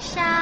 沙。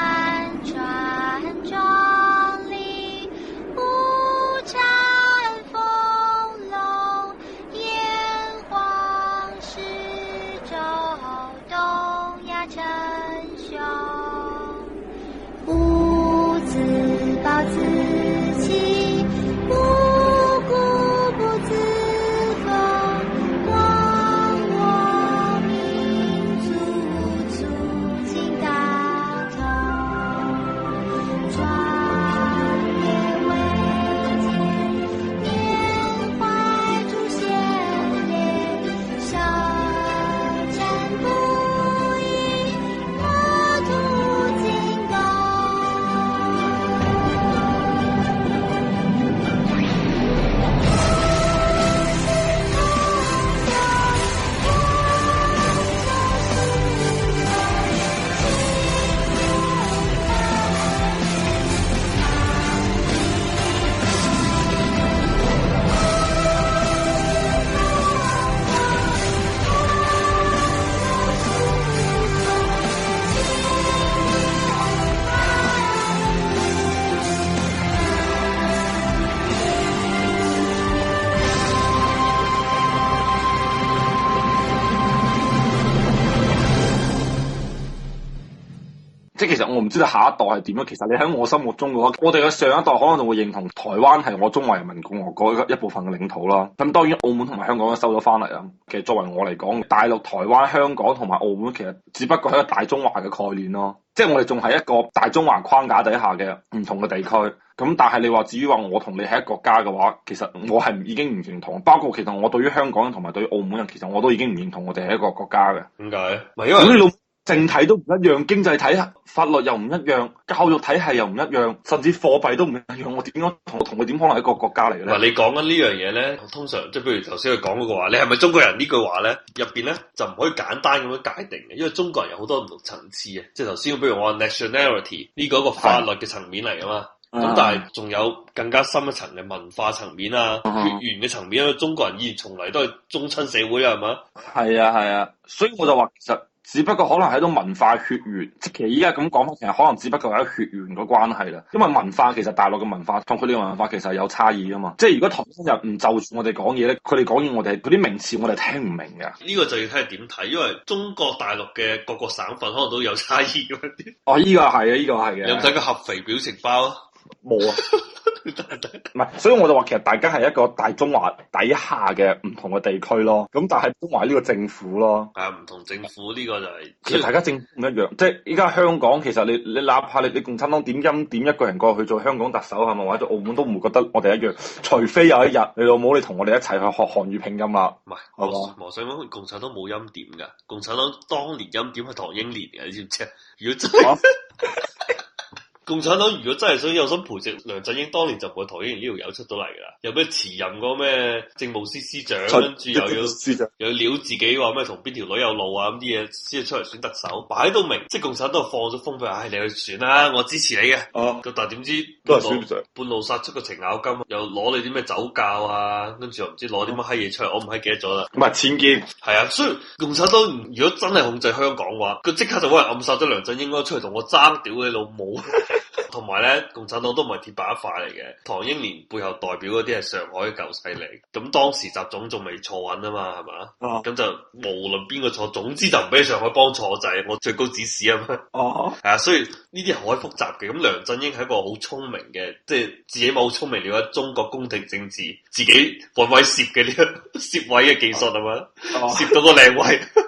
其實我唔知道下一代係點樣。其實你喺我心目中嘅話，我哋嘅上一代可能就會認同台灣係我中華人民共和國一部分嘅領土啦。咁當然澳門同埋香港都收咗翻嚟啦。其實作為我嚟講，大陸、台灣、香港同埋澳門，其實只不過係一個大中華嘅概念咯。即係我哋仲係一個大中華框架底下嘅唔同嘅地區。咁但係你話至於話我同你係一個國家嘅話，其實我係已經唔認同。包括其實我對於香港同埋對於澳門人，其實我都已經唔認同我哋係一個國家嘅。點解？因為政體都唔一樣，經濟體系、法律又唔一樣，教育體系又唔一樣，甚至貨幣都唔一樣。我點樣同同佢點可能係一個國家嚟咧？嗱，你講緊呢樣嘢咧，通常即係譬如頭先佢講嗰句話，你係咪中國人呢句話咧？入邊咧就唔可以簡單咁樣界定嘅，因為中國人有好多唔同層次啊。即係頭先，比如我 nationality 呢個一個法律嘅層面嚟噶嘛。咁但係仲有更加深一層嘅文化層面啊，血緣嘅層面，因為中國人依然從嚟都係宗親社會啊，係嘛？係啊係啊，所以我就話其實。只不過可能係一種文化血緣，即其實依家咁講翻，其實可能只不過係一血緣個關係啦。因為文化其實大陸嘅文化同佢哋嘅文化其實有差異啊嘛。即係如果唐台又唔就住我哋講嘢咧，佢哋講嘢我哋嗰啲名詞我哋聽唔明㗎。呢個就要睇係點睇，因為中國大陸嘅各個省份可能都有差異嗰啲。哦，依、這個係啊，呢、這個係嘅。有冇睇個合肥表情包啊？冇啊，唔係， 所以我就話其實大家係一個大中華底下嘅唔同嘅地區咯，咁但係都埋呢個政府咯。係唔、啊、同政府呢、這個就係、是實以，其實大家政唔一樣，即係依家香港其實你你哪怕你你共產黨點音點一個人過去做香港特首係咪或者做澳門都唔會覺得我哋一樣，除非有一日你老母你同我哋一齊去學漢語拼音啦，唔係係嘛？冇吧想講共產黨冇音點噶，共產黨當年音點係唐英年嘅，你知唔知？如果真。共產黨如果真係想有心培植梁振英，當年就唔會唐英呢條友出到嚟㗎啦。又咩辭任個咩政務司司長，跟住循又要又料自己話咩同邊條女有路啊咁啲嘢，先至出嚟選特首，擺到明，即係共產黨放咗風俾人，唉，你去選啦、啊，我支持你嘅。哦，但係點知都係半路殺出個程咬金，又攞你啲咩酒窖啊，跟住又唔知攞啲乜閪嘢出嚟，嗯、我唔係記得咗啦。唔係僭建，係啊，所以共產黨如果真係控制香港嘅話，佢即刻就揾人暗殺咗梁振英，我出嚟同我爭屌你，你老母。同埋咧，共產黨都唔係鐵板一塊嚟嘅。唐英年背後代表嗰啲係上海舊勢力，咁當時習總仲未坐穩啊嘛，係嘛？哦，咁就無論邊個坐，總之就唔俾上海幫坐制，就是、我最高指示啊嘛。哦，係啊，所以呢啲係好複雜嘅。咁梁振英係一個好聰明嘅，即、就、係、是、自己冇好聰明，了解中國宮廷政治，自己換、這個、位攝嘅呢個攝位嘅技術係嘛，攝到個靚位。哦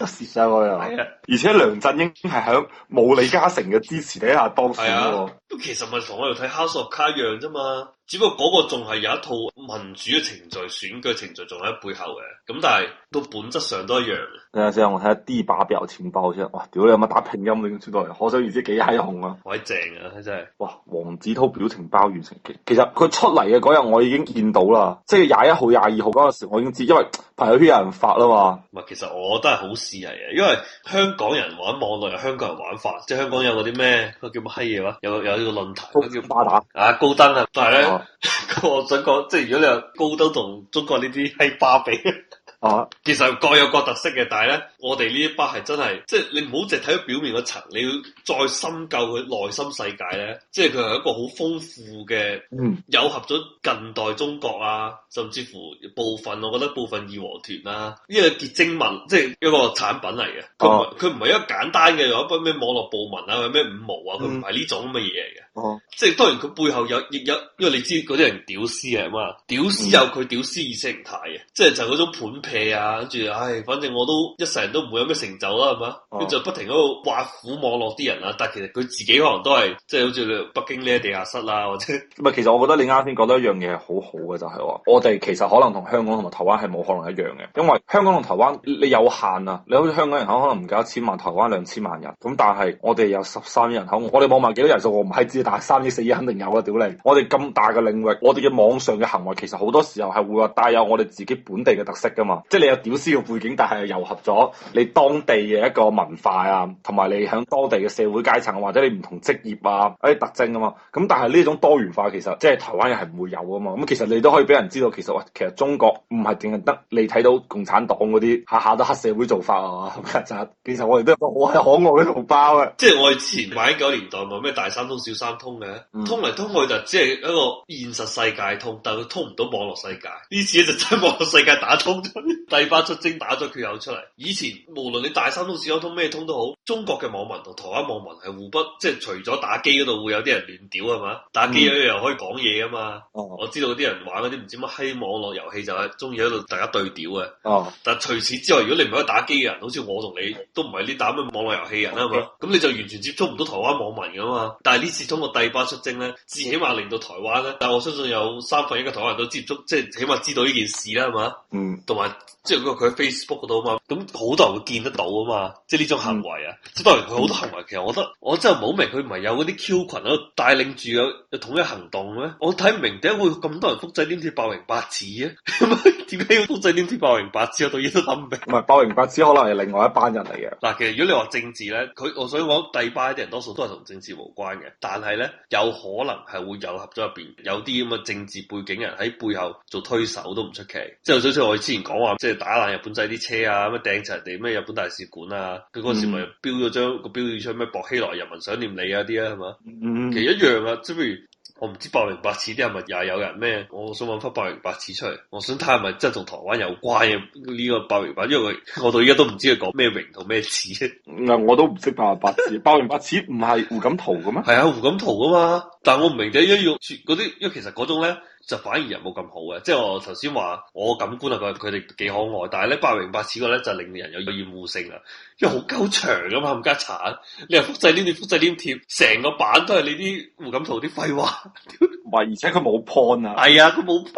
得蝕曬我又，而且梁振英係響冇李嘉誠嘅支持底下當選嘅，都其實咪同我哋睇 House of Cards 一樣啫嘛。只不過嗰個仲係有一套民主嘅程序，選舉程序仲喺背後嘅，咁但係都，本質上都一樣。等一下先，我睇下 D 把表情包先，哇，屌你有乜打拼音你咁出到嚟？可想而知幾閪熊啊！鬼正啊，真係！哇，黃子韜表情包完成，其實佢出嚟嘅嗰日我已經見到啦，即係廿一號、廿二號嗰陣時我已經知，因為朋友圈有人發啦嘛。唔係，其實我都係好事嚟嘅，因為香港人玩網絡有香港人玩法，即係香港有嗰啲咩，嗰叫乜閪嘢話？有有呢個論壇，嗰叫巴打啊，高登啊，但係咧。 咁我想講，即係如果你話高登同中國呢啲閪巴比，哦， 其實各有各特色嘅，但係咧，我哋呢一巴係真係，即係你唔好淨睇到表面嘅層，你要再深究佢內心世界咧，即係佢係一個好豐富嘅，嗯，糅合咗近代中國啊，甚至乎部分，我覺得部分義和團啦、啊，呢個結晶物，即係一個產品嚟嘅，佢唔佢唔係一個簡單嘅，有一班咩網絡暴民啊，有咩五毛啊，佢唔係呢種咁嘅嘢嚟嘅。嗯、即係當然佢背後有亦有，有，因為你知嗰啲人屌絲係嘛，屌、嗯、絲有佢屌絲意識形態嘅，即係就嗰種盤屁啊，跟住唉，反正我都一世人都唔會有咩成就啦，係嘛，跟住、嗯、不停喺度挖苦網絡啲人啊，但係其實佢自己可能都係，即係好似你北京呢啲地下室啦，啊，或者唔係，其實我覺得你啱先講得一樣嘢好好嘅就係、是、話，我哋其實可能同香港同埋台灣係冇可能一樣嘅，因為香港同台灣你有限啊，你好似香港人口可能唔夠一千萬，台灣兩千萬人，咁但係我哋有十三億人口，我哋網民幾多人數我唔係知，三億四億肯定有啊。屌、嗯、你！我哋咁大嘅領域，我哋嘅網上嘅行為其實好多時候係會話帶有我哋自己本地嘅特色噶嘛，即係你有屌絲嘅背景，但係又糅合咗你當地嘅一個文化啊，同埋你響當地嘅社會階層或者你唔同職業啊一啲特徵啊嘛。咁但係呢種多元化其實即係台灣人係唔會有噶嘛。咁其實你都可以俾人知道，其實喂，其實中國唔係淨係得你睇到共產黨嗰啲下下都黑社會做法啊嘛。其實我哋都係個好可愛嘅同胞啊！即係我哋前晚九年代冇咩大三通小三通嘅，通嚟通去就只係一個現實世界通，但係佢通唔到網絡世界。呢次就真係網絡世界打通咗，帝吧出征打咗缺口出嚟。以前無論你大三通小三通咩通都好，中國嘅網民同台灣網民係互不，即係除咗打機嗰度會有啲人亂屌係嘛，打機嗰啲人可以講嘢啊嘛。嗯、我知道啲人玩嗰啲唔知乜閪網絡遊戲就係中意喺度大家對屌嘅。嗯、但係除此之外，如果你唔係打機人，好似我同你都唔係呢打嘅網絡遊戲人啊嘛，咁、嗯、你就完全接觸唔到台灣網民噶嘛。但係呢次通。我第二波出征咧，至起碼嚟到台灣咧，但我相信有三分一嘅台灣人都接觸，即係起碼知道呢件事啦，係嘛？嗯，同埋即係佢佢 Facebook 嗰度。咁好多人會見得到啊嘛，即係呢種行為啊！即係當然佢好多行為，其實我覺得我真係唔好明，佢唔係有嗰啲 Q 群喺度帶領住，有統一行動咩？我睇唔明點解會咁多人複製呢啲八榮八恥啊？點 解要複製呢啲八榮八恥？啊？ 到而家都諗唔明。唔係八榮八恥可能係另外一班人嚟嘅。嗱，其實如果你話政治咧，佢我想講，帝吧啲人多數都係同政治無關嘅，但係咧有可能係會糅合咗入邊，有啲咁嘅政治背景人喺背後做推手都唔出奇。即係好似我哋之前講話，即係打爛日本仔啲車啊掟齊人哋咩日本大使館啊？佢嗰、嗯、時咪標咗張個標語出咩薄熙來人民想念你啊啲啊，係嘛？嗯、其實一樣啊，即譬如我唔知八榮八恥啲係咪也有人咩？我想揾翻八榮八恥出嚟，我想睇下咪真係同台灣有關啊？呢、呢個八榮八恥，我我到而家都唔知佢講咩榮同咩恥啫。我都唔識八榮八恥，八榮八恥唔係胡錦濤嘅咩？係啊，胡錦濤啊嘛。但係我唔明就係要為嗰啲，因為其實嗰種咧。就反而人冇咁好嘅，即係我頭先話我感官啊，佢佢哋幾可愛，但係咧八榮八恥個咧就令人有厭惡性啦，因為好鳩長啊嘛，冚家鏟，你又複製黏貼複製黏貼，成個版都係你啲胡錦濤啲廢話，唔 係，而且佢冇 point 啊，係啊，佢冇。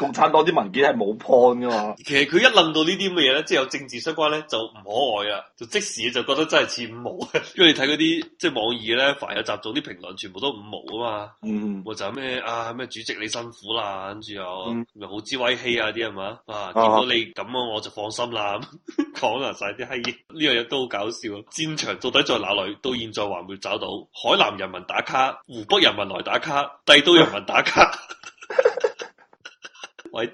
共產黨啲文件係冇 point 㗎嘛？其實佢一諗到呢啲咁嘅嘢咧，即、就、係、是、有政治相關咧，就唔可愛啊！就即時就覺得真係似五毛。因為你睇嗰啲即係網易咧，凡有集中啲評論，全部都五毛啊嘛。嗯，咪就咩啊？咩主席你辛苦啦，跟住、嗯、又好之威氣啊啲啊嘛。啊，見到你咁啊，啊，我就放心啦。講晒啲閪嘢，呢樣嘢都好搞笑。戰場到底在哪裏？到現在還沒找到。海南人民打卡，湖北人民來打卡，帝都人民打卡。 或者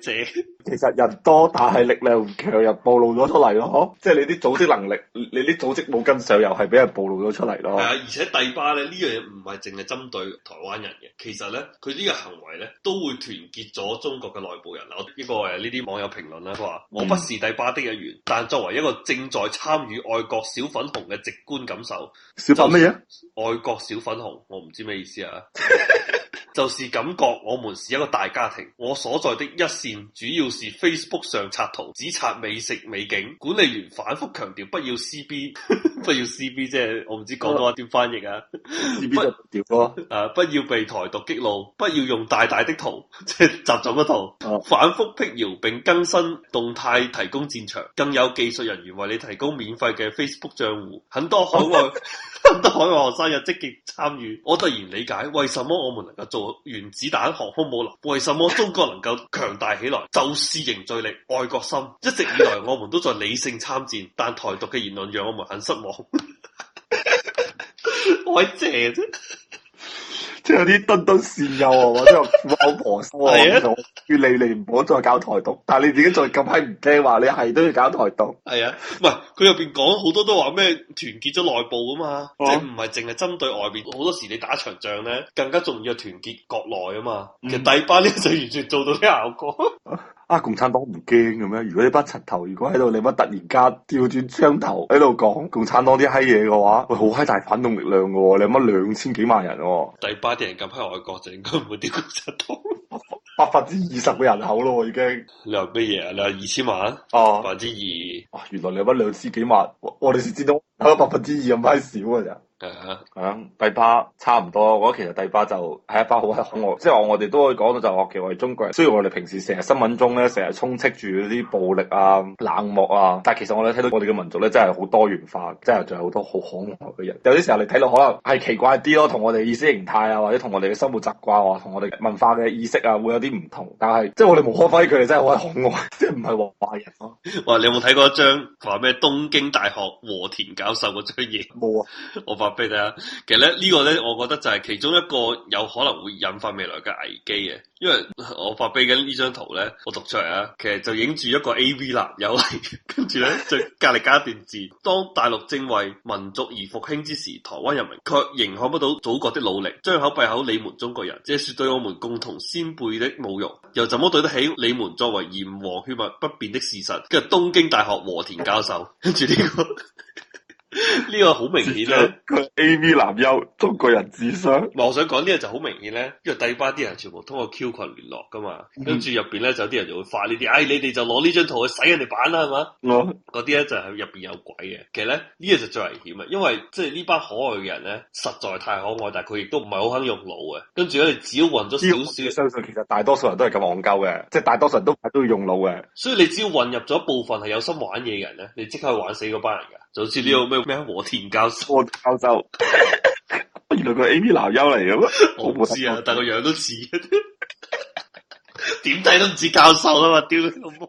其實人多但係力量唔強，又暴露咗出嚟咯，即係你啲組織能力，你啲組織冇跟上，又係俾人暴露咗出嚟咯。係啊，而且帝吧咧，呢樣嘢唔係淨係針對台灣人嘅，其實咧佢呢個行為咧都會團結咗中國嘅內部人啦。呢個係呢啲網友評論啦，佢話，我不是帝吧的一員，嗯、但作為一個正在參與愛國小粉紅嘅直觀感受，小粉紅乜嘢？愛國小粉紅，我唔知咩意思啊。 就是感覺我們是一個大家庭。我所在的一線主要是 Facebook 上刷圖，只刷美食美景。管理員反覆強調，不要 C B， 不要 C B，即係我唔知講多點翻譯啊。啊，不要被台獨激怒，不要用大大的圖，即 係集中嗰圖，uh. 反覆辟謠並更新動態，提供戰場。更有技術人員為你提供免費嘅 Facebook 賬戶，很多海外。得海外學生有積極參與，我突然理解為什麼我們能夠做原子彈航空母艦，為什麼中國能夠強大起來，就是凝聚力、愛國心。一直以來我們都在理性參戰，但台獨嘅言論讓我們很失望。 我喺度。即係啲諄諄善誘啊，或者老婆婆嗰種，叫你你唔好再搞台獨，但係你自己再咁嗨唔聽話你係都要搞台獨。係啊，唔係佢入邊講好多都話咩團結咗內部啊嘛，嗯、即唔係淨係針對外邊，好多時你打場仗咧，更加重要團結國內啊嘛，其實帝吧呢就完全做到啲效果。嗯啊！共產黨唔驚嘅咩？如果你班柒頭如果喺度，你乜突然間調轉槍頭喺度講共產黨啲閪嘢嘅話，喂，好閪大反動力量嘅喎、哦！你乜兩千幾萬人、哦？第八啲人咁喺外國就應該冇啲賊頭， 百分之二十嘅人口咯，已經。你話咩嘢啊？你話二千萬？啊，百分之二。哇！原來你乜兩千幾萬？我我哋先知道。攞百分之二咁閪少嘅咋。係啊，帝吧差唔多，我覺得其實帝吧就係一班好可愛，即係我哋都可以講到就話、其實我哋中國人，雖然我哋平時成日新聞中咧成日充斥住嗰啲暴力啊、冷漠啊，但係其實我哋睇到我哋嘅民族咧真係好多元化，真係仲有好多好可愛嘅人。有啲時候你睇落可能係奇怪啲咯，同我哋意識形態啊，或者同我哋嘅生活習慣啊，同我哋文化嘅意識啊，會有啲唔同。但係即係我哋無可否棄，佢哋真係好可愛，即係唔係華人咯、啊。哇！你有冇睇過一張話咩東京大學和田噶？有受過質疑冇啊？我發俾你啊。其實咧呢個咧，我覺得就係其中一個有可能會引發未來嘅危機嘅，因為我發俾緊呢張圖咧，我讀出嚟啊。其實就影住一個 A.V. 啦，有嚟跟住咧就隔籬加一段字。 當大陸正為民族而復興之時，台灣人民卻仍看不到祖國的努力，張口閉口你們中國人，即這是對我們共同先輩的侮辱，又怎麼對得起你們作為炎黃血脈不變的事實？跟住東京大學和田教授跟住呢個。 呢個好明顯啦，佢 A V 男優，中國人智商。我想講啲嘢就好明顯咧，因為第二班啲人全部通過 Q 群聯絡噶嘛，跟住入邊咧就有啲人就會發呢啲，唉、哎，你哋就攞呢張圖去洗人哋版啦，係嘛？我嗰啲咧就係入邊有鬼嘅。其實咧呢、呢個就最危險啊，因為即係呢班可愛嘅人咧實在太可愛，但係佢亦都唔係好肯用腦嘅。跟住咧，只要混咗少少嘅相信，其實大多數人都係咁戇鳩嘅，即、就、係、是、大多數人都都要用腦嘅。所以你只要混入咗部分係有心玩嘢嘅人咧，你即刻去玩死嗰班人噶。就好似呢個咩咩和田教授，教授 原來佢係 AV 男優嚟嘅，我唔知啊，但個樣都似，點 睇都唔似教授啊嘛，屌你老母。